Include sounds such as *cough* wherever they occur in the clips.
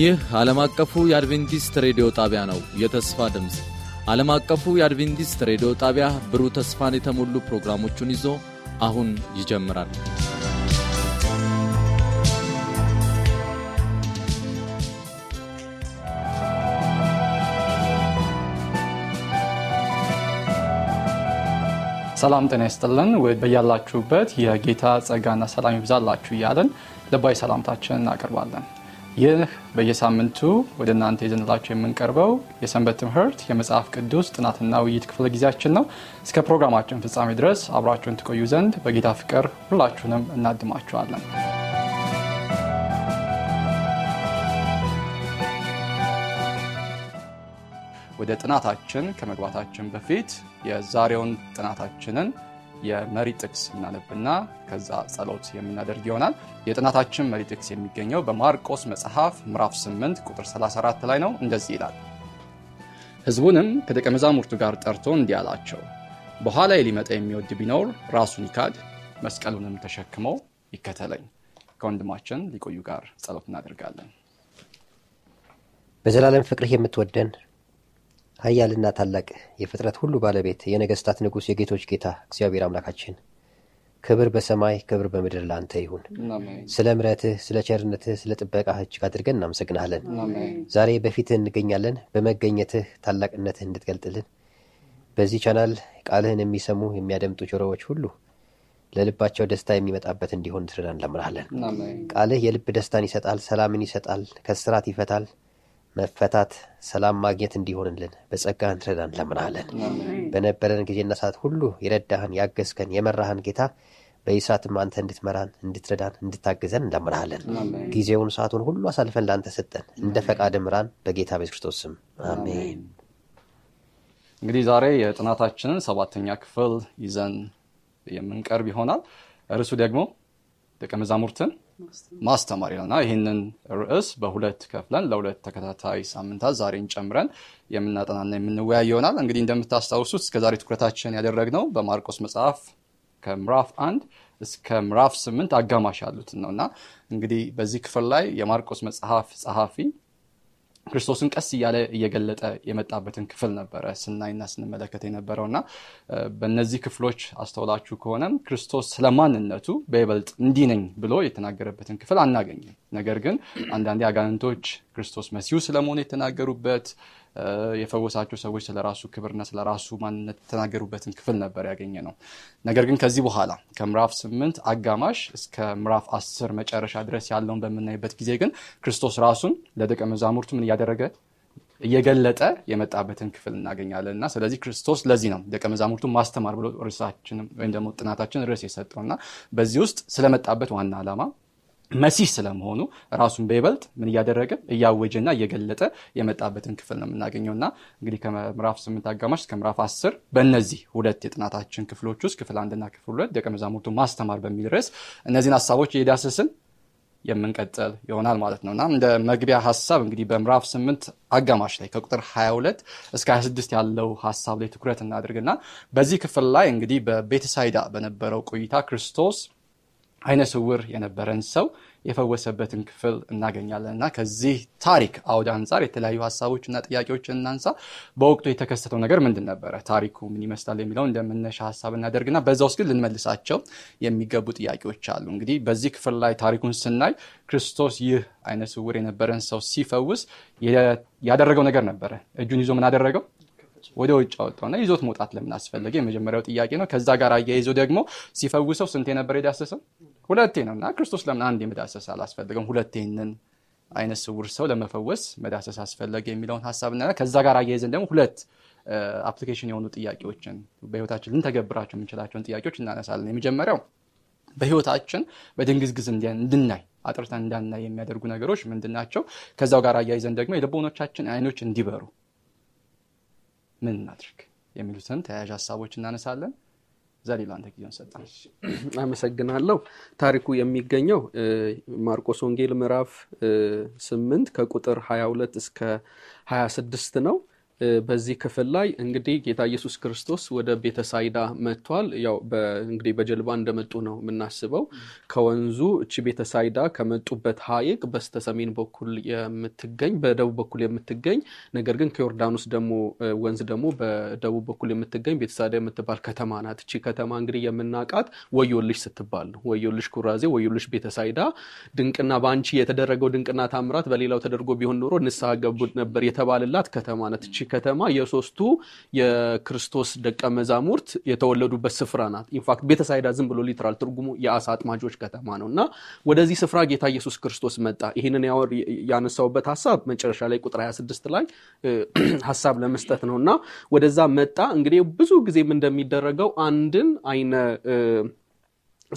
ይህ ዓለም አቀፉ የአድቬንቲስት ሬዲዮ ጣቢያ ነው። የተስፋ ድምፅ ዓለም አቀፉ የአድቬንቲስት ሬዲዮ ጣቢያ ብሩህ ተስፋን የተሞሉ ፕሮግራሞቹን ይዞ አሁን ይጀምራል። ሰላም ጤና ይስጥልን። በያላችሁበት የጌታ ጸጋና ሰላም ይብዛላችሁ እያለን ልባዊ ሰላምታችን እናቀርባለን። ይህ በየሳምንቱ ወደ እናንተ የዘንላቸው የምንቀርበው የሰንበት ትምህርት የመጽሐፍ ቅዱስ ጥናትና ውይይት ክፍለ ጊዜያችን ነው። እስከ ፕሮግራማችን ፍጻሜ ድረስ አብራችሁን ትቆዩ ዘንድ በጌታ ፍቅር ሁላችሁንም እናድማችኋለን። ወደ ጥናታችን ከመግባታችን በፊት የዛሬውን ጥናታችንን የመሪ ጥቅስ እናነብና ከዛ ጸሎት የምናደርግ ይሆናል። የጥናታችን መሪ ጥቅስ የሚገኘው በማርቆስ መጽሐፍ ምዕራፍ 8 ቁጥር 34 ላይ ነው። እንደዚህ ይላል፣ ህዝቡንም ከደቀ መዛሙርቱ ጋር ጠርቶ እንዲህ አላቸው፣ በኋላ ሊመጣ የሚወድ ቢኖር ራሱን ይካድ፣ መስቀሉንም ተሸክመው ይከተለኝ። ከወንድማችን ሊቆዩ ጋር ጸሎት እናደርጋለን። በዘላለም ፍቅርህ የምትወደን ኃያልና ታላቅ የፍጥረት ሁሉ ባለቤት የነገስታት ንጉሥ የጌቶች ጌታ እግዚአብሔር አምላካችን ክብር በሰማይ ክብር በምድር ለአንተ ይሁን። ስለ ምረትህ ስለ ቸርነትህ፣ ስለ ጥበቃህ እጅግ አድርገን እናመሰግናለን። ዛሬ በፊትህ እንገኛለን። በመገኘትህ ታላቅነትህ እንድትገልጥልን በዚህ ቻናል ቃልህን የሚሰሙ የሚያደምጡ ጆሮዎች ሁሉ ለልባቸው ደስታ የሚመጣበት እንዲሆን ትርዳን ለምራለን ቃልህ የልብ ደስታን ይሰጣል፣ ሰላምን ይሰጣል፣ ከስራት ይፈታል፣ መፈታት ሰላም ማግኘት እንዲሆንልን በጸጋ እንድረዳን ለምናለን። በነበረን ጊዜና ሰዓት ሁሉ የረዳህን ያገዝከን፣ የመራህን ጌታ በይሳትም አንተ እንድትመራን እንድትረዳን እንድታግዘን እንለምናሃለን። ጊዜውን ሰዓቱን ሁሉ አሳልፈን ለአንተ ሰጠን። እንደ ፈቃድ ምራን፣ በጌታ ቤት ክርስቶስ ስም አሜን። እንግዲህ ዛሬ የጥናታችንን ሰባተኛ ክፍል ይዘን የምንቀርብ ይሆናል። ርዕሱ ደግሞ ደቀ መዛሙርትን ማስተማር ይለናል። ይህንን ርዕስ በሁለት ከፍለን ለሁለት ተከታታይ ሳምንታት ዛሬን ጨምረን የምናጠናና የምንወያይ ይሆናል። እንግዲህ እንደምታስታውሱት እስከዛሬ ትኩረታችን ያደረግነው በማርቆስ መጽሐፍ ከምራፍ አንድ እስከ ምራፍ ስምንት አጋማሽ ያሉትን ነው እና እንግዲህ በዚህ ክፍል ላይ የማርቆስ መጽሐፍ ጸሐፊ ክርስቶስን ቀስ እያለ እየገለጠ የመጣበትን ክፍል ነበረ ስናይና ስንመለከት የነበረው እና በእነዚህ ክፍሎች አስተውላችሁ ከሆነም ክርስቶስ ስለማንነቱ በይበልጥ እንዲነኝ ብሎ የተናገረበትን ክፍል አናገኝም። ነገር ግን አንዳንዴ አጋንንቶች ክርስቶስ መሲሁ ስለመሆን የተናገሩበት የፈወሳቸው ሰዎች ስለራሱ ክብርና ስለራሱ ማንነት የተናገሩበትን ክፍል ነበር ያገኘ ነው። ነገር ግን ከዚህ በኋላ ከምራፍ ስምንት አጋማሽ እስከ ምዕራፍ አስር መጨረሻ ድረስ ያለውን በምናይበት ጊዜ ግን ክርስቶስ ራሱን ለደቀ መዛሙርቱ ምን እያደረገ እየገለጠ የመጣበትን ክፍል እናገኛለን እና ስለዚህ ክርስቶስ ለዚህ ነው ደቀ መዛሙርቱ ማስተማር ብሎ ርሳችን ወይም ደግሞ ጥናታችን ርዕስ የሰጠው እና በዚህ ውስጥ ስለመጣበት ዋና ዓላማ መሲህ ስለመሆኑ ራሱን በይበልጥ ምን እያደረገ እያወጀና እየገለጠ የመጣበትን ክፍል ነው የምናገኘው እና እንግዲህ ከምራፍ ስምንት አጋማሽ እስከ ምራፍ አስር በእነዚህ ሁለት የጥናታችን ክፍሎች ውስጥ ክፍል አንድና ክፍል ሁለት ደቀ መዛሙርቱ ማስተማር በሚል ርዕስ እነዚህን ሀሳቦች የዳሰስን የምንቀጥል ይሆናል ማለት ነው እና እንደ መግቢያ ሀሳብ እንግዲህ በምዕራፍ ስምንት አጋማሽ ላይ ከቁጥር 22 እስከ 26 ያለው ሀሳብ ላይ ትኩረት እናድርግና በዚህ ክፍል ላይ እንግዲህ በቤተሳይዳ በነበረው ቆይታ ክርስቶስ አይነ ስውር የነበረን ሰው የፈወሰበትን ክፍል እናገኛለን እና ከዚህ ታሪክ አውድ አንጻር የተለያዩ ሀሳቦች እና ጥያቄዎችን እናንሳ። በወቅቱ የተከሰተው ነገር ምንድን ነበረ? ታሪኩ ምን ይመስላል የሚለው እንደመነሻ ሀሳብ እናደርግና በዛ ውስጥ ግን ልንመልሳቸው የሚገቡ ጥያቄዎች አሉ። እንግዲህ በዚህ ክፍል ላይ ታሪኩን ስናይ ክርስቶስ ይህ አይነ ስውር የነበረን ሰው ሲፈውስ ያደረገው ነገር ነበረ። እጁን ይዞ ምን አደረገው? ወደ ውጭ አወጣውና ይዞት መውጣት ለምን አስፈለገ? የመጀመሪያው ጥያቄ ነው። ከዛ ጋር አያይዞ ደግሞ ሲፈውሰው ስንቴ ነበር የዳሰሰው? ሁለቴ ነው እና ክርስቶስ ለምን አንድ የመዳሰስ አላስፈለገም? ሁለቴንን አይነት ስውር ሰው ለመፈወስ መዳሰስ አስፈለገ የሚለውን ሀሳብ እና ከዛ ጋር አያይዘን ደግሞ ሁለት አፕሊኬሽን የሆኑ ጥያቄዎችን በህይወታችን ልንተገብራቸው የምንችላቸውን ጥያቄዎች እናነሳለን። የመጀመሪያው በህይወታችን በድንግዝግዝ እንድናይ አጥርተን እንዳናይ የሚያደርጉ ነገሮች ምንድን ናቸው? ከዛው ጋር አያይዘን ደግሞ የልቦኖቻችን አይኖች እንዲበሩ ምን እናድርግ የሚሉትን ተያያዥ ሀሳቦች እናነሳለን። ዘሌላ አንተ ጊዜውን ሰጠ። አመሰግናለሁ። ታሪኩ የሚገኘው ማርቆስ ወንጌል ምዕራፍ ስምንት ከቁጥር 22 እስከ 2ስድስት ነው። በዚህ ክፍል ላይ እንግዲህ ጌታ ኢየሱስ ክርስቶስ ወደ ቤተሳይዳ መጥቷል። ያው እንግዲህ በጀልባ እንደመጡ ነው የምናስበው። ከወንዙ እቺ ቤተሳይዳ ከመጡበት ሀይቅ በስተሰሜን በኩል የምትገኝ በደቡብ በኩል የምትገኝ ነገር ግን ከዮርዳኖስ ደግሞ ወንዝ ደግሞ በደቡብ በኩል የምትገኝ ቤተሳይዳ የምትባል ከተማ ናት። እቺ ከተማ እንግዲህ የምናውቃት ወዮልሽ ስትባል ነው። ወዮልሽ ኩራዜ፣ ወዮልሽ ቤተሳይዳ፣ ድንቅና በአንቺ የተደረገው ድንቅና ታምራት በሌላው ተደርጎ ቢሆን ኖሮ ንስሐ ገቡ ነበር የተባለላት ከተማ ናት። ከተማ የሶስቱ የክርስቶስ ደቀ መዛሙርት የተወለዱበት ስፍራ ናት። ኢንፋክት ቤተሳይዳ ዝም ብሎ ሊትራል ትርጉሙ የአሳ አጥማጆች ከተማ ነው እና ወደዚህ ስፍራ ጌታ ኢየሱስ ክርስቶስ መጣ። ይህንን ያነሳውበት ሀሳብ መጨረሻ ላይ ቁጥር 26 ላይ *clears throat* ሀሳብ ለመስጠት ነው እና ወደዛ መጣ። እንግዲህ ብዙ ጊዜም እንደሚደረገው አንድን አይነ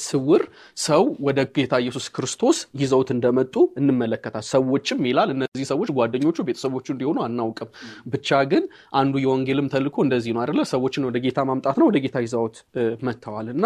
ስውር ሰው ወደ ጌታ ኢየሱስ ክርስቶስ ይዘውት እንደመጡ እንመለከታል። ሰዎችም ይላል እነዚህ ሰዎች ጓደኞቹ፣ ቤተሰቦቹ እንዲሆኑ አናውቅም። ብቻ ግን አንዱ የወንጌልም ተልእኮ እንደዚህ ነው አይደለ? ሰዎችን ወደ ጌታ ማምጣት ነው። ወደ ጌታ ይዘውት መጥተዋል እና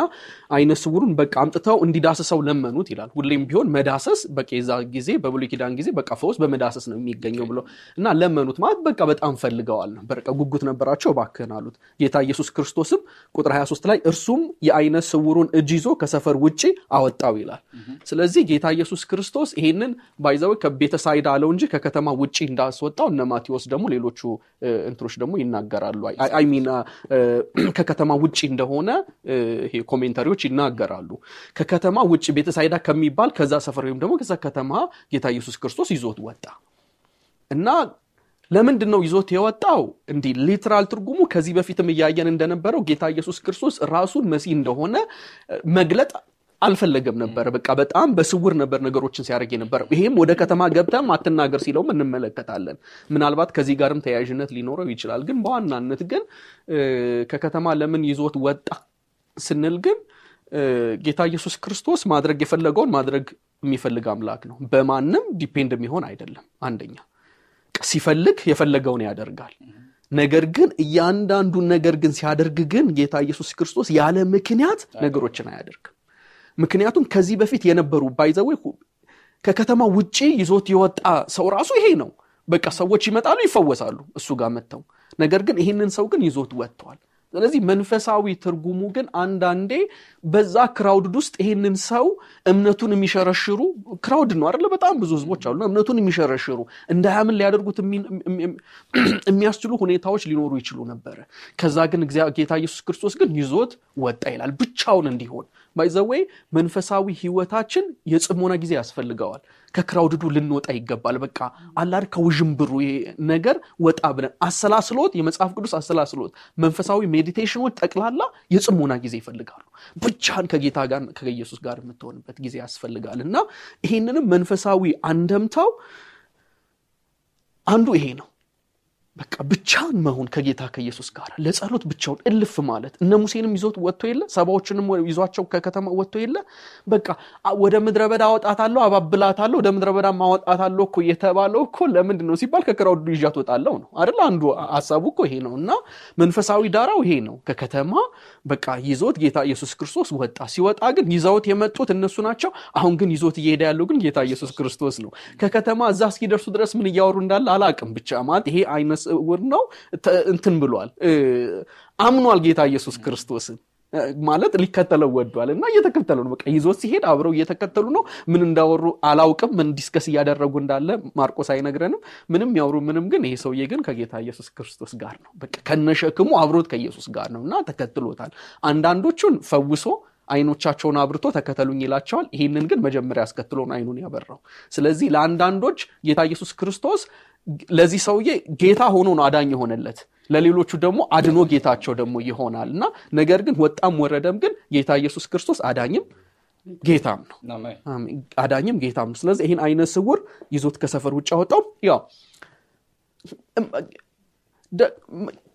አይነ ስውሩን በቃ አምጥተው እንዲዳስሰው ለመኑት ይላል። ሁሌም ቢሆን መዳሰስ በቄዛ ጊዜ በብሉይ ኪዳን ጊዜ በቃ ፈውስ በመዳሰስ ነው የሚገኘው ብሎ እና ለመኑት ማለት በቃ በጣም ፈልገዋል። በቃ ጉጉት ነበራቸው። እባክህን አሉት። ጌታ ኢየሱስ ክርስቶስም ቁጥር 23 ላይ እርሱም የአይነ ስውሩን እጅ ይዞ ከሰ ሰፈር ውጭ አወጣው ይላል። ስለዚህ ጌታ ኢየሱስ ክርስቶስ ይሄንን ባይዛዊ ከቤተሳይዳ አለው እንጂ ከከተማ ውጭ እንዳስወጣው እነ ማቴዎስ ደግሞ ሌሎቹ እንትሮች ደግሞ ይናገራሉ። አይሚን ከከተማ ውጭ እንደሆነ ይሄ ኮሜንታሪዎች ይናገራሉ። ከከተማ ውጭ ቤተሳይዳ ከሚባል ከዛ ሰፈር ወይም ደግሞ ከዛ ከተማ ጌታ ኢየሱስ ክርስቶስ ይዞት ወጣ እና ለምንድን ነው ይዞት የወጣው? እንዲህ ሊትራል ትርጉሙ ከዚህ በፊትም እያየን እንደነበረው ጌታ ኢየሱስ ክርስቶስ ራሱን መሲህ እንደሆነ መግለጥ አልፈለገም ነበር። በቃ በጣም በስውር ነበር ነገሮችን ሲያደርግ የነበረው። ይሄም ወደ ከተማ ገብተም አትናገር ሲለውም እንመለከታለን። ምናልባት ከዚህ ጋርም ተያያዥነት ሊኖረው ይችላል። ግን በዋናነት ግን ከከተማ ለምን ይዞት ወጣ ስንል ግን ጌታ ኢየሱስ ክርስቶስ ማድረግ የፈለገውን ማድረግ የሚፈልግ አምላክ ነው። በማንም ዲፔንድ የሚሆን አይደለም። አንደኛ ሲፈልግ የፈለገውን ያደርጋል። ነገር ግን እያንዳንዱን ነገር ግን ሲያደርግ ግን ጌታ ኢየሱስ ክርስቶስ ያለ ምክንያት ነገሮችን አያደርግም። ምክንያቱም ከዚህ በፊት የነበሩ ባይዘወይ ከከተማ ውጪ ይዞት የወጣ ሰው ራሱ ይሄ ነው። በቃ ሰዎች ይመጣሉ፣ ይፈወሳሉ እሱ ጋር መጥተው ነገር ግን ይህንን ሰው ግን ይዞት ወጥተዋል። ስለዚህ መንፈሳዊ ትርጉሙ ግን አንዳንዴ በዛ ክራውድ ውስጥ ይሄንን ሰው እምነቱን የሚሸረሽሩ ክራውድ ነው አይደለ በጣም ብዙ ህዝቦች አሉ። እምነቱን የሚሸረሽሩ እንዳያምን ሊያደርጉት የሚያስችሉ ሁኔታዎች ሊኖሩ ይችሉ ነበረ። ከዛ ግን ጌታ ኢየሱስ ክርስቶስ ግን ይዞት ወጣ ይላል፣ ብቻውን እንዲሆን ባይዘወይ መንፈሳዊ ህይወታችን የጽሞና ጊዜ ያስፈልገዋል። ከክራውድዱ ልንወጣ ይገባል። በቃ አላድ ከውዥንብሩ ነገር ወጣ ብለን አሰላስሎት፣ የመጽሐፍ ቅዱስ አሰላስሎት፣ መንፈሳዊ ሜዲቴሽኖች ጠቅላላ የጽሞና ጊዜ ይፈልጋሉ። ብቻን ከጌታ ጋር ከኢየሱስ ጋር የምትሆንበት ጊዜ ያስፈልጋል እና ይህንንም መንፈሳዊ አንደምታው አንዱ ይሄ ነው። በቃ ብቻውን መሆን ከጌታ ከኢየሱስ ጋር ለጸሎት ብቻውን እልፍ ማለት እነ ሙሴንም ይዞት ወጥቶ የለ ሰባዎችንም ይዟቸው ከከተማ ወጥቶ የለ በቃ ወደ ምድረ በዳ አወጣታለሁ አባብላታለሁ ወደ ምድረ በዳ ማወጣታለሁ እኮ የተባለው እኮ ለምንድን ነው ሲባል ከክራውዱ ይዣ ትወጣለው ነው አይደል አንዱ ሀሳቡ እኮ ይሄ ነው እና መንፈሳዊ ዳራው ይሄ ነው ከከተማ በቃ ይዞት ጌታ ኢየሱስ ክርስቶስ ወጣ ሲወጣ ግን ይዘውት የመጡት እነሱ ናቸው አሁን ግን ይዞት እየሄደ ያለው ግን ጌታ ኢየሱስ ክርስቶስ ነው ከከተማ እዛ እስኪደርሱ ድረስ ምን እያወሩ እንዳለ አላቅም ብቻ ማለት ይሄ አይነት ዕውር ነው እንትን ብሏል፣ አምኗል ጌታ ኢየሱስ ክርስቶስን ማለት ሊከተለው ወዷል እና እየተከተለው ነው። በቃ ይዞት ሲሄድ አብረው እየተከተሉ ነው። ምን እንዳወሩ አላውቅም። ምን ዲስከስ እያደረጉ እንዳለ ማርቆስ አይነግረንም። ምንም ያውሩ ምንም፣ ግን ይሄ ሰውዬ ግን ከጌታ ኢየሱስ ክርስቶስ ጋር ነው። በቃ ከነሸክሙ አብሮት ከኢየሱስ ጋር ነው እና ተከትሎታል። አንዳንዶቹን ፈውሶ አይኖቻቸውን አብርቶ ተከተሉኝ ይላቸዋል። ይህንን ግን መጀመሪያ አስከትሎን አይኑን ያበራው። ስለዚህ ለአንዳንዶች ጌታ ኢየሱስ ክርስቶስ ለዚህ ሰውዬ ጌታ ሆኖ ነው አዳኝ የሆነለት። ለሌሎቹ ደግሞ አድኖ ጌታቸው ደግሞ ይሆናል እና ነገር ግን ወጣም ወረደም ግን ጌታ ኢየሱስ ክርስቶስ አዳኝም ጌታም ነው። አዳኝም ጌታም ነው። ስለዚህ ይህን አይነት ስውር ይዞት ከሰፈር ውጭ አወጣው። ያው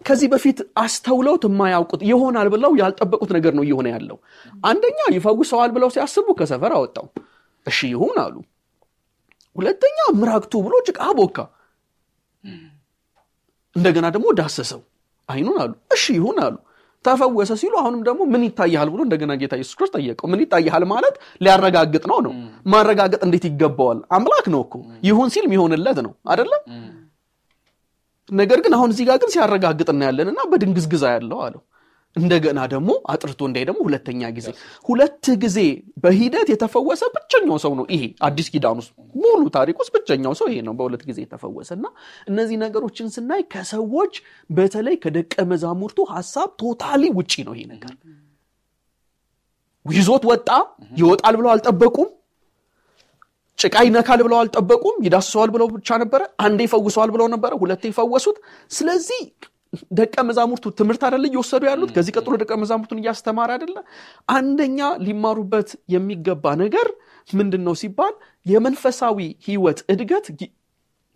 ከዚህ በፊት አስተውለውት የማያውቁት ይሆናል ብለው ያልጠበቁት ነገር ነው እየሆነ ያለው። አንደኛ ይፈውሰዋል ብለው ሲያስቡ ከሰፈር አወጣው። እሺ ይሁን አሉ። ሁለተኛ ምራቅቱ ብሎ ጭቃ ቦካ። እንደገና ደግሞ ዳሰሰው አይኑን አሉ። እሺ ይሁን አሉ። ተፈወሰ ሲሉ አሁንም ደግሞ ምን ይታይሃል ብሎ እንደገና ጌታ ኢየሱስ ክርስቶስ ጠየቀው። ምን ይታይሃል ማለት ሊያረጋግጥ ነው ነው። ማረጋገጥ እንዴት ይገባዋል? አምላክ ነው እኮ ይሁን ሲል ሚሆንለት ነው አደለም ነገር ግን አሁን እዚህ ጋር ግን ሲያረጋግጥ እናያለን እና በድንግዝግዛ ያለው አለው እንደገና ደግሞ አጥርቶ እንዳይ ደግሞ ሁለተኛ ጊዜ ሁለት ጊዜ በሂደት የተፈወሰ ብቸኛው ሰው ነው ይሄ አዲስ ኪዳን ውስጥ ሙሉ ታሪክ ውስጥ ብቸኛው ሰው ይሄ ነው በሁለት ጊዜ የተፈወሰ እና እነዚህ ነገሮችን ስናይ ከሰዎች በተለይ ከደቀ መዛሙርቱ ሀሳብ ቶታሊ ውጪ ነው ይሄ ነገር ይዞት ወጣ ይወጣል ብለው አልጠበቁም ጭቃ ይነካል ብለው አልጠበቁም ይዳስሰዋል ብለው ብቻ ነበረ አንዴ ይፈውሰዋል ብለው ነበረ ሁለት ይፈወሱት ስለዚህ ደቀ መዛሙርቱ ትምህርት አደለ እየወሰዱ ያሉት? ከዚህ ቀጥሎ ደቀ መዛሙርቱን እያስተማረ አይደለ? አንደኛ ሊማሩበት የሚገባ ነገር ምንድን ነው ሲባል የመንፈሳዊ ህይወት እድገት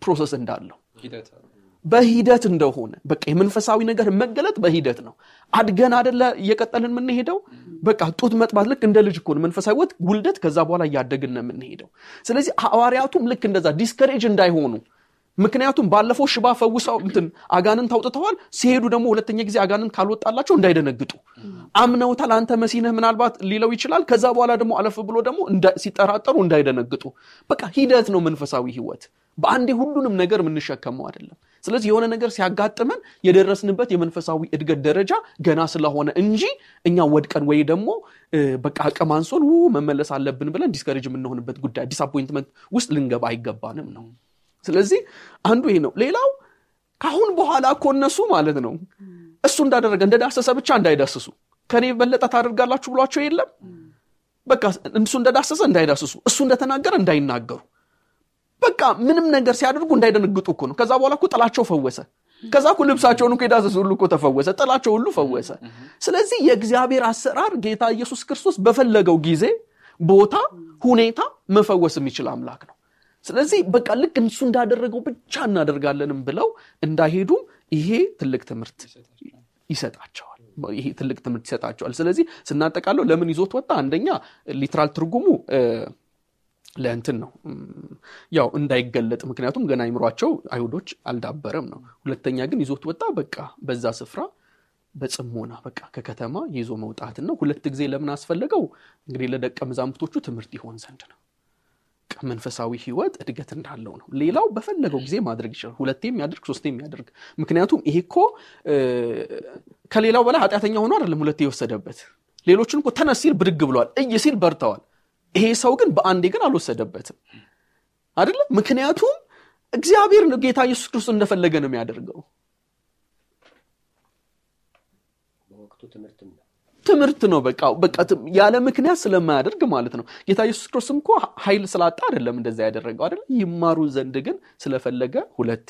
ፕሮሰስ እንዳለው በሂደት እንደሆነ በቃ የመንፈሳዊ ነገር መገለጥ በሂደት ነው። አድገን አደለ እየቀጠልን የምንሄደው። በቃ ጡት መጥባት ልክ እንደ ልጅ ከሆነ መንፈሳዊ ውልደት ከዛ በኋላ እያደግን ነው የምንሄደው። ስለዚህ ሐዋርያቱም ልክ እንደዛ ዲስከሬጅ እንዳይሆኑ ምክንያቱም ባለፈው ሽባ ፈውሰው እንትን አጋንንት አውጥተዋል። ሲሄዱ ደግሞ ሁለተኛ ጊዜ አጋንንት ካልወጣላቸው እንዳይደነግጡ አምነውታል። አንተ መሲነህ ምናልባት ሊለው ይችላል። ከዛ በኋላ ደግሞ አለፍ ብሎ ደግሞ ሲጠራጠሩ እንዳይደነግጡ። በቃ ሂደት ነው መንፈሳዊ ህይወት። በአንዴ ሁሉንም ነገር የምንሸከመው አይደለም። ስለዚህ የሆነ ነገር ሲያጋጥመን የደረስንበት የመንፈሳዊ እድገት ደረጃ ገና ስለሆነ እንጂ እኛ ወድቀን ወይ ደግሞ በቃ አቅም አንሶን መመለስ አለብን ብለን ዲስከሬጅ የምንሆንበት ጉዳይ ዲስአፖይንትመንት ውስጥ ልንገባ አይገባንም ነው። ስለዚህ አንዱ ይሄ ነው ሌላው ካሁን በኋላ እኮ እነሱ ማለት ነው እሱ እንዳደረገ እንደዳሰሰ ብቻ እንዳይዳስሱ ከኔ በለጠ ታደርጋላችሁ ብሏቸው የለም በቃ እሱ እንደዳሰሰ እንዳይዳስሱ እሱ እንደተናገረ እንዳይናገሩ በቃ ምንም ነገር ሲያደርጉ እንዳይደነግጡ እኮ ነው ከዛ በኋላ እኮ ጥላቸው ፈወሰ ከዛ እኮ ልብሳቸውን እኮ የዳሰሱ ሁሉ እኮ ተፈወሰ ጥላቸው ሁሉ ፈወሰ ስለዚህ የእግዚአብሔር አሰራር ጌታ ኢየሱስ ክርስቶስ በፈለገው ጊዜ ቦታ ሁኔታ መፈወስ የሚችል አምላክ ነው ስለዚህ በቃ ልክ እሱ እንዳደረገው ብቻ እናደርጋለንም ብለው እንዳይሄዱም ይሄ ትልቅ ትምህርት ይሰጣቸዋል። ይሄ ትልቅ ትምህርት ይሰጣቸዋል። ስለዚህ ስናጠቃለው ለምን ይዞት ወጣ? አንደኛ ሊትራል ትርጉሙ ለእንትን ነው ያው እንዳይገለጥ፣ ምክንያቱም ገና አይምሯቸው አይሁዶች አልዳበረም ነው። ሁለተኛ ግን ይዞት ወጣ። በቃ በዛ ስፍራ በጽሞና በቃ ከከተማ ይዞ መውጣት ነው። ሁለት ጊዜ ለምን አስፈለገው? እንግዲህ ለደቀ መዛሙርቶቹ ትምህርት ይሆን ዘንድ ነው። መንፈሳዊ ህይወት እድገት እንዳለው ነው። ሌላው በፈለገው ጊዜ ማድረግ ይችላል። ሁለቴ የሚያደርግ ሶስቴ የሚያደርግ ምክንያቱም ይሄ እኮ ከሌላው በላይ ኃጢአተኛ ሆኖ አይደለም ሁለቴ የወሰደበት። ሌሎችን እኮ ተነስ ሲል ብድግ ብሏል፣ እይ ሲል በርተዋል። ይሄ ሰው ግን በአንዴ ግን አልወሰደበትም አይደለም። ምክንያቱም እግዚአብሔር ጌታ ኢየሱስ ክርስቶስ እንደፈለገ ነው የሚያደርገው። በወቅቱ ትምህርትም ትምህርት ነው። በቃ በቃ ያለ ምክንያት ስለማያደርግ ማለት ነው። ጌታ ኢየሱስ ክርስቶስም እኮ ኃይል ስላጣ አይደለም እንደዛ ያደረገው አይደለም። ይማሩ ዘንድ ግን ስለፈለገ ሁለቴ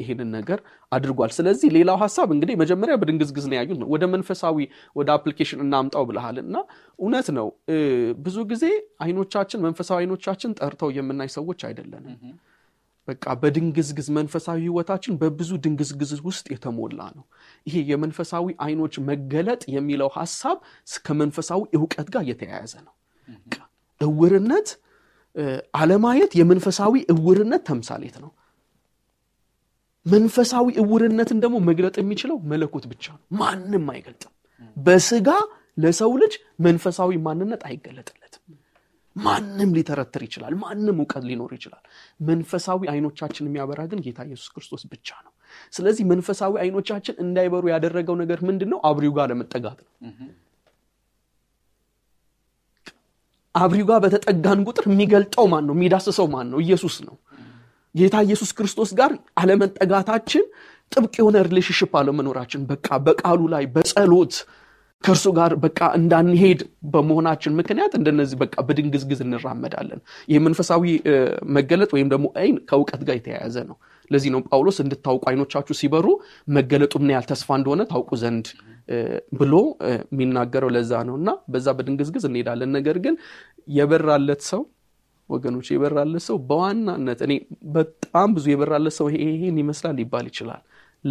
ይህንን ነገር አድርጓል። ስለዚህ ሌላው ሀሳብ እንግዲህ መጀመሪያ በድንግዝግዝ ነው ያዩት ነው። ወደ መንፈሳዊ ወደ አፕሊኬሽን እናምጣው ብልሃል እና እውነት ነው። ብዙ ጊዜ አይኖቻችን መንፈሳዊ አይኖቻችን ጠርተው የምናይ ሰዎች አይደለንም። በቃ በድንግዝግዝ መንፈሳዊ ህይወታችን በብዙ ድንግዝግዝ ውስጥ የተሞላ ነው። ይሄ የመንፈሳዊ አይኖች መገለጥ የሚለው ሀሳብ ከመንፈሳዊ እውቀት ጋር የተያያዘ ነው። እውርነት አለማየት የመንፈሳዊ እውርነት ተምሳሌት ነው። መንፈሳዊ እውርነትን ደግሞ መግለጥ የሚችለው መለኮት ብቻ ነው። ማንም አይገልጥም። በስጋ ለሰው ልጅ መንፈሳዊ ማንነት አይገለጥለትም። ማንም ሊተረትር ይችላል። ማንም እውቀት ሊኖር ይችላል። መንፈሳዊ አይኖቻችን የሚያበራ ግን ጌታ ኢየሱስ ክርስቶስ ብቻ ነው። ስለዚህ መንፈሳዊ አይኖቻችን እንዳይበሩ ያደረገው ነገር ምንድን ነው? አብሪው ጋር ለመጠጋት ነው። አብሪው ጋር በተጠጋን ቁጥር የሚገልጠው ማን ነው? የሚዳስሰው ማን ነው? ኢየሱስ ነው። ጌታ ኢየሱስ ክርስቶስ ጋር አለመጠጋታችን ጥብቅ የሆነ ሪሌሽንሽፕ አለመኖራችን በቃ በቃሉ ላይ በጸሎት ከእርሱ ጋር በቃ እንዳንሄድ በመሆናችን ምክንያት እንደነዚህ በቃ በድንግዝግዝ እንራመዳለን። ይህ መንፈሳዊ መገለጥ ወይም ደግሞ አይን ከእውቀት ጋር የተያያዘ ነው። ለዚህ ነው ጳውሎስ እንድታውቁ አይኖቻችሁ ሲበሩ መገለጡ ምን ያህል ተስፋ እንደሆነ ታውቁ ዘንድ ብሎ የሚናገረው ለዛ ነው እና በዛ በድንግዝግዝ እንሄዳለን። ነገር ግን የበራለት ሰው ወገኖች የበራለት ሰው በዋናነት እኔ በጣም ብዙ የበራለት ሰው ይሄን ይመስላል ሊባል ይችላል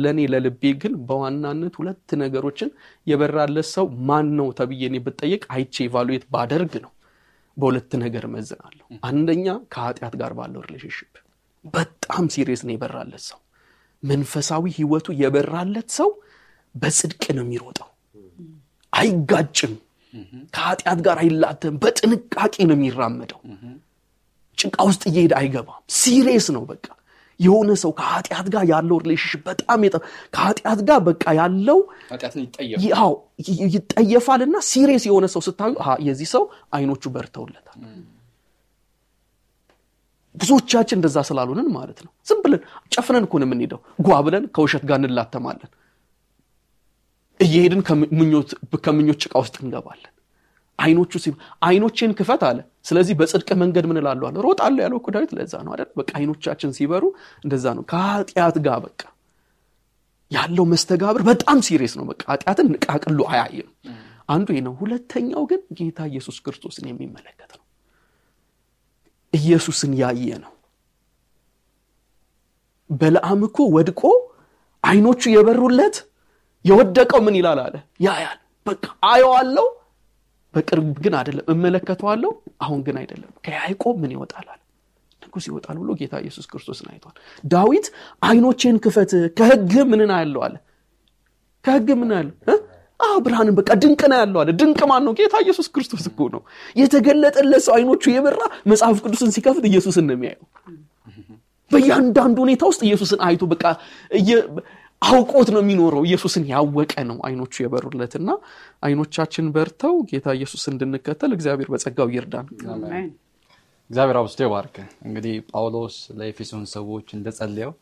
ለእኔ ለልቤ ግን በዋናነት ሁለት ነገሮችን የበራለት ሰው ማን ነው ተብዬ እኔ ብጠየቅ አይቼ ኢቫሉዌት ባደርግ ነው በሁለት ነገር መዝናለሁ። አንደኛ ከኃጢአት ጋር ባለው ሪሌሽንሽፕ በጣም ሲሪየስ ነው የበራለት ሰው። መንፈሳዊ ህይወቱ የበራለት ሰው በጽድቅ ነው የሚሮጠው፣ አይጋጭም፣ ከኃጢአት ጋር አይላተም፣ በጥንቃቄ ነው የሚራመደው፣ ጭቃ ውስጥ እየሄደ አይገባም። ሲሪየስ ነው በቃ የሆነ ሰው ከኃጢአት ጋር ያለው ሪሌሽንሽፕ በጣም ከኃጢአት ጋር በቃ ያለው ይጠየፋል እና ሲሬስ የሆነ ሰው ስታዩ የዚህ ሰው አይኖቹ በርተውለታል ብዙዎቻችን እንደዛ ስላልሆንን ማለት ነው ዝም ብለን ጨፍነን እኮ የምንሄደው ጓ ብለን ከውሸት ጋር እንላተማለን እየሄድን ከምኞት ጭቃ ውስጥ እንገባለን አይኖቹ ሲ አይኖቼን ክፈት አለ። ስለዚህ በጽድቅ መንገድ ምን እላለሁ አለ። አለ ያለው ዳዊት ለዛ ነው አይደል? በቃ አይኖቻችን ሲበሩ እንደዛ ነው። ከኃጢአት ጋር በቃ ያለው መስተጋብር በጣም ሲሬስ ነው። በቃ ኃጢአትን ንቃቅሉ አያይም። አንዱ ይህ ነው። ሁለተኛው ግን ጌታ ኢየሱስ ክርስቶስን የሚመለከት ነው። ኢየሱስን ያየ ነው። በለዓም እኮ ወድቆ አይኖቹ የበሩለት የወደቀው ምን ይላል አለ ያያል። በቃ አየዋለው በቅርብ ግን አይደለም፣ እመለከተዋለሁ አሁን ግን አይደለም። ከያይቆብ ምን ይወጣላል? ንጉስ ይወጣል ብሎ ጌታ ኢየሱስ ክርስቶስን አይቷል። ዳዊት አይኖቼን ክፈት ከህግ ምንን አያለው አለ። ከህግ ምን አያለው? ብርሃንን በቃ ድንቅ ነው ያለው አለ። ድንቅ ማን ነው? ጌታ ኢየሱስ ክርስቶስ እኮ ነው። የተገለጠለት ሰው አይኖቹ የበራ መጽሐፍ ቅዱስን ሲከፍት ኢየሱስን ነው የሚያየው። በእያንዳንዱ ሁኔታ ውስጥ ኢየሱስን አይቶ በቃ አውቆት ነው የሚኖረው። ኢየሱስን ያወቀ ነው አይኖቹ የበሩለትና አይኖቻችን በርተው ጌታ ኢየሱስ እንድንከተል እግዚአብሔር በጸጋው ይርዳን። እግዚአብሔር አብስቶ ባርክ እንግዲህ ጳውሎስ ለኤፌሶን ሰዎች እንደጸለየው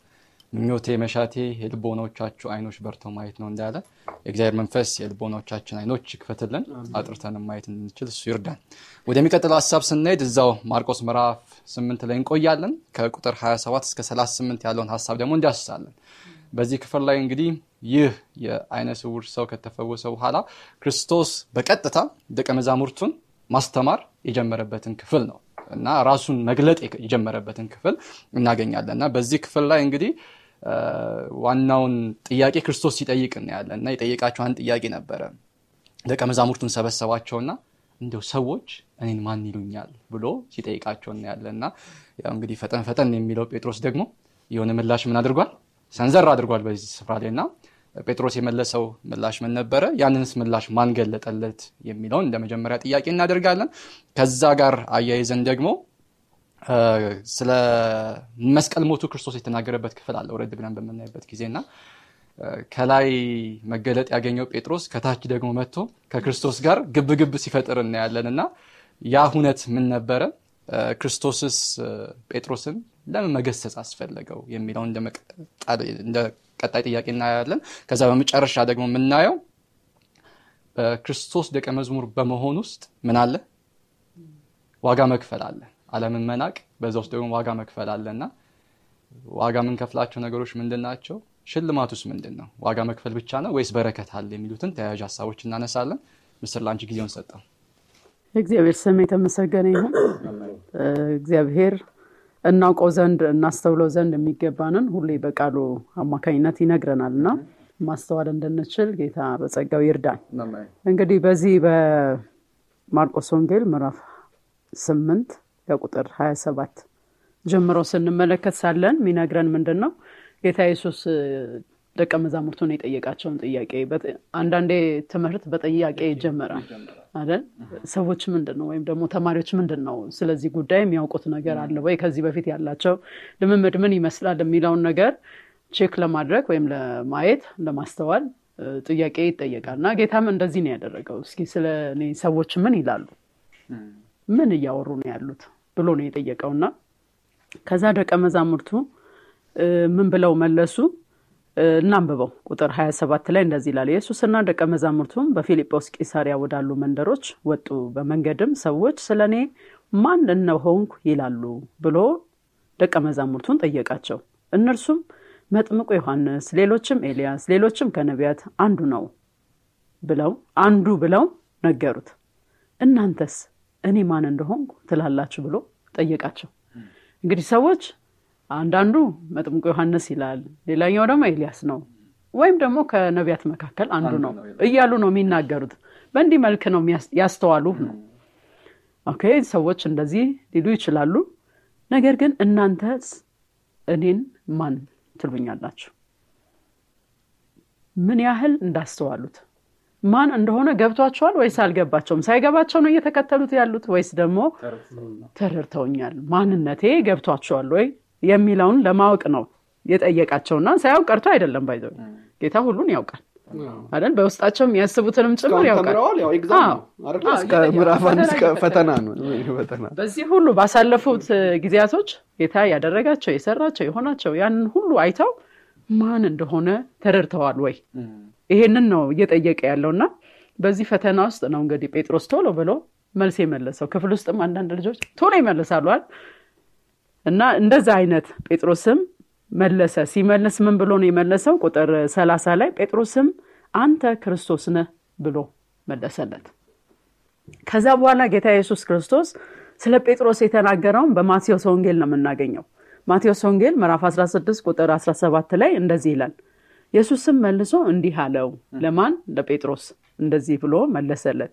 ምኞቴ፣ መሻቴ የልቦናዎቻችሁ አይኖች በርተው ማየት ነው እንዳለ የእግዚአብሔር መንፈስ የልቦናዎቻችን አይኖች ይክፈትልን፣ አጥርተን ማየት እንችል እሱ ይርዳን። ወደሚቀጥለው ሀሳብ ስናሄድ እዛው ማርቆስ ምዕራፍ ስምንት ላይ እንቆያለን። ከቁጥር 27 እስከ 38 ያለውን ሀሳብ ደግሞ እንዲያስሳለን በዚህ ክፍል ላይ እንግዲህ ይህ የአይነ ስውር ሰው ከተፈወሰ በኋላ ክርስቶስ በቀጥታ ደቀ መዛሙርቱን ማስተማር የጀመረበትን ክፍል ነው እና ራሱን መግለጥ የጀመረበትን ክፍል እናገኛለን እና በዚህ ክፍል ላይ እንግዲህ ዋናውን ጥያቄ ክርስቶስ ሲጠይቅ እናያለን እና የጠየቃቸው አንድ ጥያቄ ነበረ ደቀ መዛሙርቱን ሰበሰባቸውና እንደው ሰዎች እኔን ማን ይሉኛል ብሎ ሲጠይቃቸው እናያለን እና ያው እንግዲህ ፈጠን ፈጠን የሚለው ጴጥሮስ ደግሞ የሆነ ምላሽ ምን አድርጓል ሰንዘር አድርጓል በዚህ ስፍራ ላይ እና ጴጥሮስ የመለሰው ምላሽ ምን ነበረ? ያንንስ ምላሽ ማን ገለጠለት የሚለውን እንደ መጀመሪያ ጥያቄ እናደርጋለን። ከዛ ጋር አያይዘን ደግሞ ስለ መስቀል ሞቱ ክርስቶስ የተናገረበት ክፍል አለ ውረድ ብለን በምናይበት ጊዜና ከላይ መገለጥ ያገኘው ጴጥሮስ ከታች ደግሞ መጥቶ ከክርስቶስ ጋር ግብግብ ሲፈጥር እናያለን እና ያ ሁነት ምን ነበረ? ክርስቶስስ ጴጥሮስን ለምን መገሰጽ አስፈለገው የሚለው እንደ ቀጣይ ጥያቄ እናያለን። ከዛ በመጨረሻ ደግሞ የምናየው በክርስቶስ ደቀ መዝሙር በመሆን ውስጥ ምን አለ? ዋጋ መክፈል አለ። አለምን መናቅ፣ በዛ ውስጥ ደግሞ ዋጋ መክፈል አለ እና ዋጋ የምንከፍላቸው ነገሮች ምንድን ናቸው? ሽልማቱስ ምንድን ነው? ዋጋ መክፈል ብቻ ነው ወይስ በረከት አለ? የሚሉትን ተያያዥ ሀሳቦች እናነሳለን። ምስር ለአንቺ ጊዜውን ሰጠው። እግዚአብሔር ስም የተመሰገነ ይሁን። እግዚአብሔር እናውቀው ዘንድ እናስተውለው ዘንድ የሚገባንን ሁሌ በቃሉ አማካኝነት ይነግረናል እና ማስተዋል እንድንችል ጌታ በጸጋው ይርዳል። እንግዲህ በዚህ በማርቆስ ወንጌል ምዕራፍ ስምንት ከቁጥር ሀያ ሰባት ጀምሮ ስንመለከት ሳለን የሚነግረን ምንድን ነው ጌታ የሱስ ደቀ መዛሙርቱ ነው የጠየቃቸውን ጥያቄ። አንዳንዴ ትምህርት በጥያቄ ይጀመራል አይደል? ሰዎች ምንድን ነው ወይም ደግሞ ተማሪዎች ምንድን ነው ስለዚህ ጉዳይ የሚያውቁት ነገር አለ ወይ፣ ከዚህ በፊት ያላቸው ልምምድ ምን ይመስላል የሚለውን ነገር ቼክ ለማድረግ ወይም ለማየት ለማስተዋል ጥያቄ ይጠየቃል። እና ጌታም እንደዚህ ነው ያደረገው። እስኪ ስለ እኔ ሰዎች ምን ይላሉ፣ ምን እያወሩ ነው ያሉት ብሎ ነው የጠየቀው። እና ከዛ ደቀ መዛሙርቱ ምን ብለው መለሱ እናንብበው። ቁጥር 27 ላይ እንደዚህ ይላል፣ ኢየሱስና ደቀ መዛሙርቱም በፊልጶስ ቂሳሪያ ወዳሉ መንደሮች ወጡ። በመንገድም ሰዎች ስለ እኔ ማን እነሆንኩ ይላሉ ብሎ ደቀ መዛሙርቱን ጠየቃቸው። እነርሱም መጥምቁ ዮሐንስ፣ ሌሎችም ኤልያስ፣ ሌሎችም ከነቢያት አንዱ ነው ብለው አንዱ ብለው ነገሩት። እናንተስ እኔ ማን እንደሆንኩ ትላላችሁ ብሎ ጠየቃቸው። እንግዲህ ሰዎች አንዳንዱ መጥምቁ ዮሐንስ ይላል፣ ሌላኛው ደግሞ ኤልያስ ነው ወይም ደግሞ ከነቢያት መካከል አንዱ ነው እያሉ ነው የሚናገሩት። በእንዲህ መልክ ነው ያስተዋሉ ነው። ኦኬ ሰዎች እንደዚህ ሊሉ ይችላሉ። ነገር ግን እናንተ እኔን ማን ትሉኛላችሁ? ምን ያህል እንዳስተዋሉት ማን እንደሆነ ገብቷቸዋል ወይስ አልገባቸውም? ሳይገባቸው ነው እየተከተሉት ያሉት ወይስ ደግሞ ተረድተውኛል ማንነቴ ገብቷቸዋል ወይ የሚለውን ለማወቅ ነው የጠየቃቸውና ሳያውቅ ቀርቶ አይደለም ባይዘ ጌታ ሁሉን ያውቃል አይደል በውስጣቸው የሚያስቡትንም ጭምር ያውቃል በዚህ ሁሉ ባሳለፉት ጊዜያቶች ጌታ ያደረጋቸው የሰራቸው የሆናቸው ያንን ሁሉ አይተው ማን እንደሆነ ተረድተዋል ወይ ይሄንን ነው እየጠየቀ ያለውና በዚህ ፈተና ውስጥ ነው እንግዲህ ጴጥሮስ ቶሎ ብሎ መልስ የመለሰው ክፍል ውስጥም አንዳንድ ልጆች ቶሎ ይመልሳሉ እና እንደዛ አይነት ጴጥሮስም መለሰ። ሲመልስ ምን ብሎ ነው የመለሰው? ቁጥር ሰላሳ ላይ ጴጥሮስም አንተ ክርስቶስ ነህ ብሎ መለሰለት። ከዛ በኋላ ጌታ ኢየሱስ ክርስቶስ ስለ ጴጥሮስ የተናገረውን በማቴዎስ ወንጌል ነው የምናገኘው። ማቴዎስ ወንጌል ምዕራፍ 16 ቁጥር 17 ላይ እንደዚህ ይላል። ኢየሱስም መልሶ እንዲህ አለው። ለማን? ለጴጥሮስ እንደዚህ ብሎ መለሰለት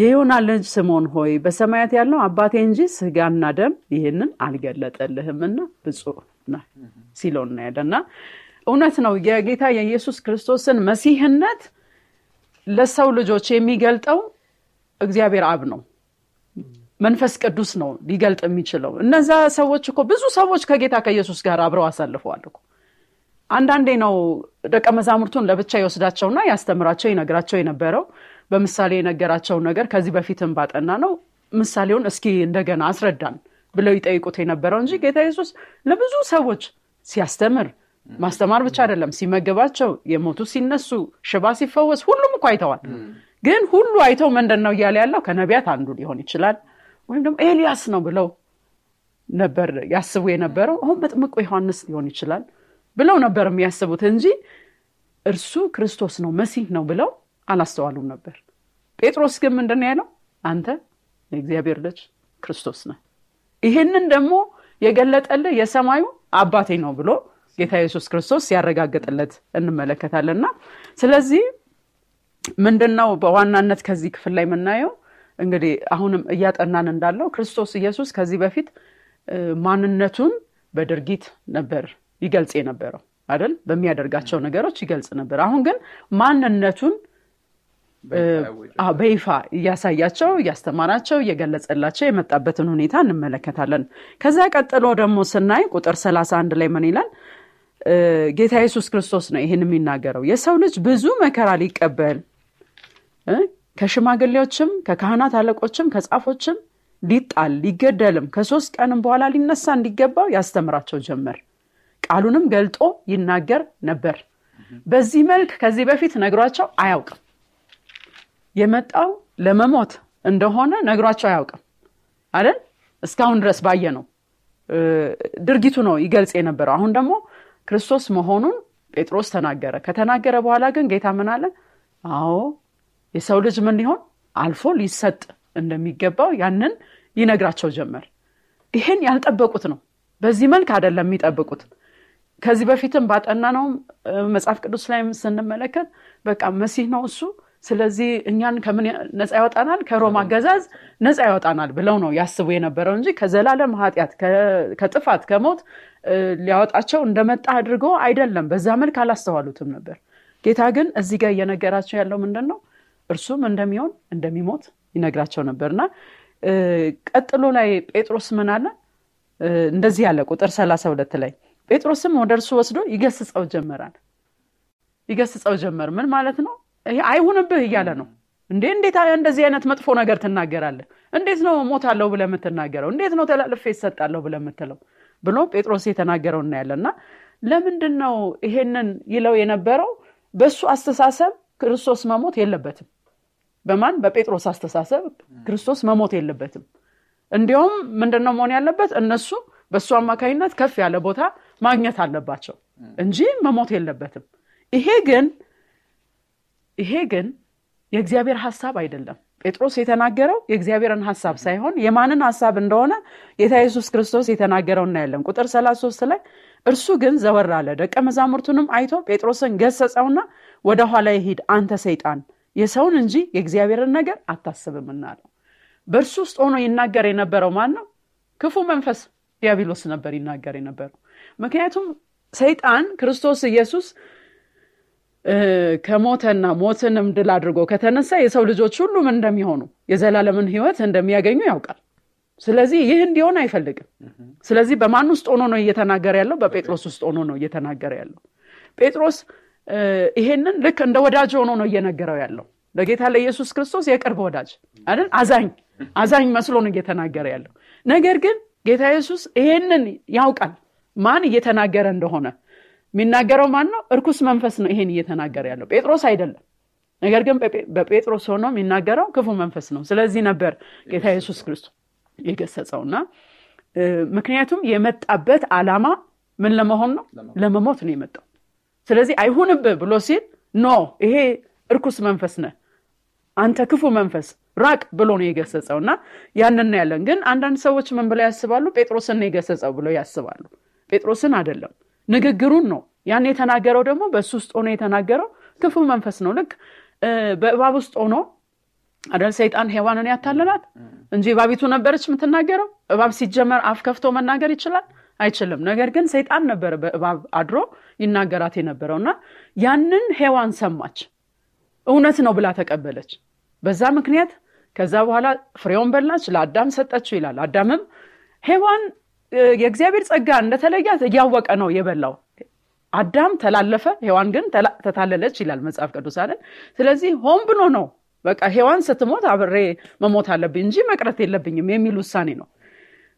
የዮና ልጅ ስሞን ሆይ በሰማያት ያለው አባቴ እንጂ ስጋና ደም ይህንን አልገለጠልህም ብፁዕ ብፁ ሲለው እናያለን እና እውነት ነው የጌታ የኢየሱስ ክርስቶስን መሲህነት ለሰው ልጆች የሚገልጠው እግዚአብሔር አብ ነው መንፈስ ቅዱስ ነው ሊገልጥ የሚችለው እነዛ ሰዎች እኮ ብዙ ሰዎች ከጌታ ከኢየሱስ ጋር አብረው አሳልፈዋል እኮ አንዳንዴ ነው ደቀ መዛሙርቱን ለብቻ ይወስዳቸውና ያስተምራቸው ይነግራቸው የነበረው በምሳሌ የነገራቸውን ነገር ከዚህ በፊትም ባጠና ነው ምሳሌውን እስኪ እንደገና አስረዳን ብለው ይጠይቁት የነበረው እንጂ ጌታ ኢየሱስ ለብዙ ሰዎች ሲያስተምር ማስተማር ብቻ አይደለም፣ ሲመገባቸው የሞቱ ሲነሱ፣ ሽባ ሲፈወስ፣ ሁሉም እኮ አይተዋል። ግን ሁሉ አይተው ምንድን ነው እያለ ያለው ከነቢያት አንዱ ሊሆን ይችላል ወይም ደግሞ ኤልያስ ነው ብለው ነበር ያስቡ የነበረው። አሁን በጥምቁ ዮሐንስ ሊሆን ይችላል ብለው ነበር የሚያስቡት እንጂ እርሱ ክርስቶስ ነው መሲህ ነው ብለው አላስተዋሉም ነበር። ጴጥሮስ ግን ምንድን ነው ያለው? አንተ የእግዚአብሔር ልጅ ክርስቶስ ነ ይህንን ደግሞ የገለጠል የሰማዩ አባቴ ነው ብሎ ጌታ ኢየሱስ ክርስቶስ ያረጋገጠለት እንመለከታለንና ስለዚህ ምንድን ነው በዋናነት ከዚህ ክፍል ላይ የምናየው እንግዲህ አሁንም እያጠናን እንዳለው ክርስቶስ ኢየሱስ ከዚህ በፊት ማንነቱን በድርጊት ነበር ይገልጽ የነበረው አይደል? በሚያደርጋቸው ነገሮች ይገልጽ ነበር። አሁን ግን ማንነቱን በይፋ እያሳያቸው እያስተማራቸው እየገለጸላቸው የመጣበትን ሁኔታ እንመለከታለን ከዛ ቀጥሎ ደግሞ ስናይ ቁጥር 31 ላይ ምን ይላል ጌታ ኢየሱስ ክርስቶስ ነው ይህን የሚናገረው የሰው ልጅ ብዙ መከራ ሊቀበል ከሽማግሌዎችም ከካህናት አለቆችም ከጻፎችም ሊጣል ሊገደልም ከሶስት ቀንም በኋላ ሊነሳ እንዲገባው ያስተምራቸው ጀመር ቃሉንም ገልጦ ይናገር ነበር በዚህ መልክ ከዚህ በፊት ነግሯቸው አያውቅም የመጣው ለመሞት እንደሆነ ነግሯቸው አያውቅም አይደል? እስካሁን ድረስ ባየ ነው ድርጊቱ ነው ይገልጽ የነበረው። አሁን ደግሞ ክርስቶስ መሆኑን ጴጥሮስ ተናገረ። ከተናገረ በኋላ ግን ጌታ ምን አለ? አዎ የሰው ልጅ ምን ሊሆን አልፎ ሊሰጥ እንደሚገባው ያንን ይነግራቸው ጀመር። ይህን ያልጠበቁት ነው። በዚህ መልክ አይደለም የሚጠብቁት። ከዚህ በፊትም ነው መጽሐፍ ቅዱስ ላይም ስንመለከት በቃ መሲህ ነው እሱ ስለዚህ እኛን ከምን ነፃ ያወጣናል? ከሮማ አገዛዝ ነፃ ያወጣናል ብለው ነው ያስቡ የነበረው እንጂ ከዘላለም ኃጢአት፣ ከጥፋት፣ ከሞት ሊያወጣቸው እንደመጣ አድርጎ አይደለም። በዛ መልክ አላስተዋሉትም ነበር። ጌታ ግን እዚህ ጋር እየነገራቸው ያለው ምንድን ነው? እርሱም እንደሚሆን እንደሚሞት ይነግራቸው ነበርና ቀጥሎ ላይ ጴጥሮስ ምን አለ? እንደዚህ ያለ ቁጥር 32 ላይ ጴጥሮስም ወደ እርሱ ወስዶ ይገስጸው ጀመራል። ይገስጸው ጀመር ምን ማለት ነው? አይሁንብህ እያለ ነው እንዴ እንዴት እንደዚህ አይነት መጥፎ ነገር ትናገራለህ እንዴት ነው ሞታለሁ ብለ የምትናገረው እንዴት ነው ተላልፌ ይሰጣለሁ ብለ የምትለው ብሎ ጴጥሮስ የተናገረው እናያለን እና ለምንድን ነው ይሄንን ይለው የነበረው በእሱ አስተሳሰብ ክርስቶስ መሞት የለበትም በማን በጴጥሮስ አስተሳሰብ ክርስቶስ መሞት የለበትም እንዲሁም ምንድነው መሆን ያለበት እነሱ በእሱ አማካኝነት ከፍ ያለ ቦታ ማግኘት አለባቸው እንጂ መሞት የለበትም ይሄ ግን ይሄ ግን የእግዚአብሔር ሀሳብ አይደለም። ጴጥሮስ የተናገረው የእግዚአብሔርን ሀሳብ ሳይሆን የማንን ሀሳብ እንደሆነ ጌታ የሱስ ክርስቶስ የተናገረው እናያለን። ቁጥር 33 ላይ እርሱ ግን ዘወር አለ፣ ደቀ መዛሙርቱንም አይቶ ጴጥሮስን ገሰጸውና ወደ ኋላ ይሂድ አንተ ሰይጣን፣ የሰውን እንጂ የእግዚአብሔርን ነገር አታስብምና አለው። በእርሱ ውስጥ ሆኖ ይናገር የነበረው ማን ነው? ክፉ መንፈስ ዲያብሎስ ነበር ይናገር የነበረው። ምክንያቱም ሰይጣን ክርስቶስ ኢየሱስ ከሞተና ሞትንም ድል አድርጎ ከተነሳ የሰው ልጆች ሁሉም እንደሚሆኑ የዘላለምን ህይወት እንደሚያገኙ ያውቃል። ስለዚህ ይህ እንዲሆን አይፈልግም። ስለዚህ በማን ውስጥ ሆኖ ነው እየተናገረ ያለው? በጴጥሮስ ውስጥ ሆኖ ነው እየተናገረ ያለው። ጴጥሮስ ይሄንን ልክ እንደ ወዳጅ ሆኖ ነው እየነገረው ያለው ለጌታ ለኢየሱስ ክርስቶስ የቅርብ ወዳጅ አይደል? አዛኝ አዛኝ መስሎ ነው እየተናገረ ያለው። ነገር ግን ጌታ ኢየሱስ ይሄንን ያውቃል ማን እየተናገረ እንደሆነ የሚናገረው ማን ነው? እርኩስ መንፈስ ነው ይሄን እየተናገረ ያለው ጴጥሮስ አይደለም። ነገር ግን በጴጥሮስ ሆኖ የሚናገረው ክፉ መንፈስ ነው። ስለዚህ ነበር ጌታ ኢየሱስ ክርስቶስ የገሰጸውና ምክንያቱም የመጣበት አላማ ምን ለመሆን ነው? ለመሞት ነው የመጣው። ስለዚህ አይሁንብ ብሎ ሲል ኖ ይሄ እርኩስ መንፈስ ነ አንተ ክፉ መንፈስ ራቅ ብሎ ነው የገሰጸው እና ያንን ያለን ግን አንዳንድ ሰዎች ምን ብለው ያስባሉ? ጴጥሮስን ነው የገሰጸው ብለው ያስባሉ። ጴጥሮስን አይደለም ንግግሩን ነው ያን የተናገረው ደግሞ በእሱ ውስጥ ሆኖ የተናገረው ክፉ መንፈስ ነው ልክ በእባብ ውስጥ ሆኖ አደል ሰይጣን ሄዋንን ያታለላት እንጂ እባቢቱ ነበረች የምትናገረው እባብ ሲጀመር አፍ ከፍቶ መናገር ይችላል አይችልም ነገር ግን ሰይጣን ነበር በእባብ አድሮ ይናገራት የነበረው እና ያንን ሄዋን ሰማች እውነት ነው ብላ ተቀበለች በዛ ምክንያት ከዛ በኋላ ፍሬውን በላች ለአዳም ሰጠችው ይላል አዳምም ሄዋን የእግዚአብሔር ጸጋ እንደተለያት እያወቀ ነው የበላው። አዳም ተላለፈ፣ ሔዋን ግን ተታለለች ይላል መጽሐፍ ቅዱሳንን። ስለዚህ ሆን ብሎ ነው በቃ ሔዋን ስትሞት አብሬ መሞት አለብኝ እንጂ መቅረት የለብኝም የሚል ውሳኔ ነው።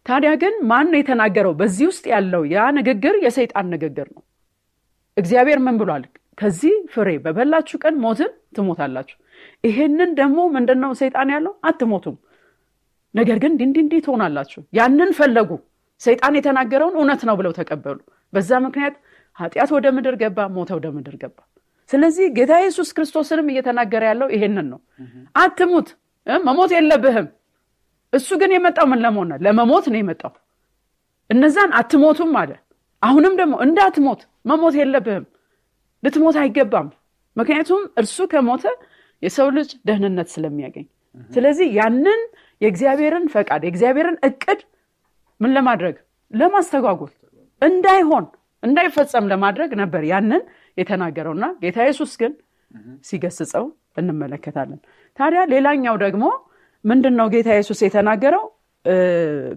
ታዲያ ግን ማን ነው የተናገረው? በዚህ ውስጥ ያለው ያ ንግግር የሰይጣን ንግግር ነው። እግዚአብሔር ምን ብሏል? ከዚህ ፍሬ በበላችሁ ቀን ሞትን ትሞታላችሁ። ይሄንን ደግሞ ምንድነው ሰይጣን ያለው? አትሞቱም፣ ነገር ግን እንዲህ ትሆናላችሁ። ያንን ፈለጉ። ሰይጣን የተናገረውን እውነት ነው ብለው ተቀበሉ። በዛ ምክንያት ኃጢአት ወደ ምድር ገባ፣ ሞተ ወደ ምድር ገባ። ስለዚህ ጌታ ኢየሱስ ክርስቶስንም እየተናገረ ያለው ይሄንን ነው። አትሙት፣ መሞት የለብህም። እሱ ግን የመጣው ምን ለመሆን ለመሞት ነው የመጣው። እነዛን አትሞቱም አለ። አሁንም ደግሞ እንዳትሞት መሞት የለብህም፣ ልትሞት አይገባም። ምክንያቱም እርሱ ከሞተ የሰው ልጅ ደህንነት ስለሚያገኝ። ስለዚህ ያንን የእግዚአብሔርን ፈቃድ የእግዚአብሔርን እቅድ ምን ለማድረግ ለማስተጓጎል እንዳይሆን እንዳይፈጸም ለማድረግ ነበር ያንን የተናገረውና ጌታ የሱስ ግን ሲገስጸው እንመለከታለን። ታዲያ ሌላኛው ደግሞ ምንድን ነው ጌታ የሱስ የተናገረው?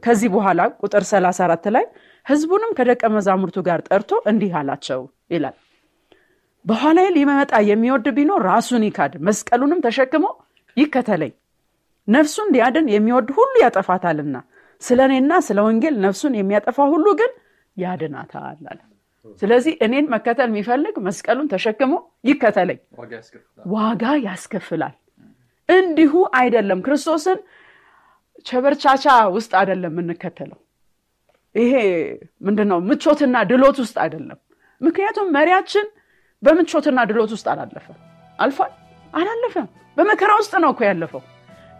ከዚህ በኋላ ቁጥር 34 ላይ ህዝቡንም ከደቀ መዛሙርቱ ጋር ጠርቶ እንዲህ አላቸው ይላል። በኋላዬ ሊመጣ የሚወድ ቢኖር ራሱን ይካድ፣ መስቀሉንም ተሸክሞ ይከተለኝ። ነፍሱን ሊያድን የሚወድ ሁሉ ያጠፋታልና ስለ እኔና ስለ ወንጌል ነፍሱን የሚያጠፋ ሁሉ ግን ያድናታል አለ። ስለዚህ እኔን መከተል የሚፈልግ መስቀሉን ተሸክሞ ይከተለኝ፣ ዋጋ ያስከፍላል። እንዲሁ አይደለም ክርስቶስን ቸበርቻቻ ውስጥ አይደለም የምንከተለው። ይሄ ምንድነው ምቾትና ድሎት ውስጥ አይደለም። ምክንያቱም መሪያችን በምቾትና ድሎት ውስጥ አላለፈም። አልፏል፣ አላለፈም። በመከራ ውስጥ ነው እኮ ያለፈው።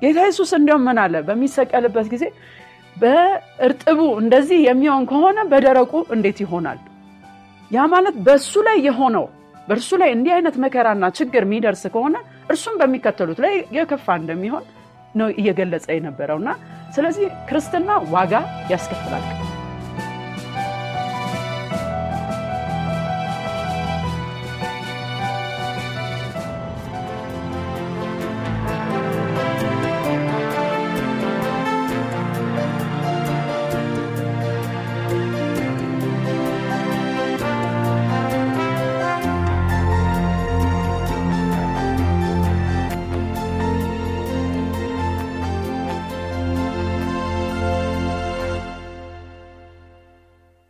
ጌታ የሱስ እንዲሁም ምን አለ በሚሰቀልበት ጊዜ በእርጥቡ እንደዚህ የሚሆን ከሆነ በደረቁ እንዴት ይሆናል? ያ ማለት በእሱ ላይ የሆነው በእርሱ ላይ እንዲህ አይነት መከራና ችግር የሚደርስ ከሆነ እርሱም በሚከተሉት ላይ የከፋ እንደሚሆን ነው እየገለጸ የነበረውና ስለዚህ ክርስትና ዋጋ ያስከፍላል።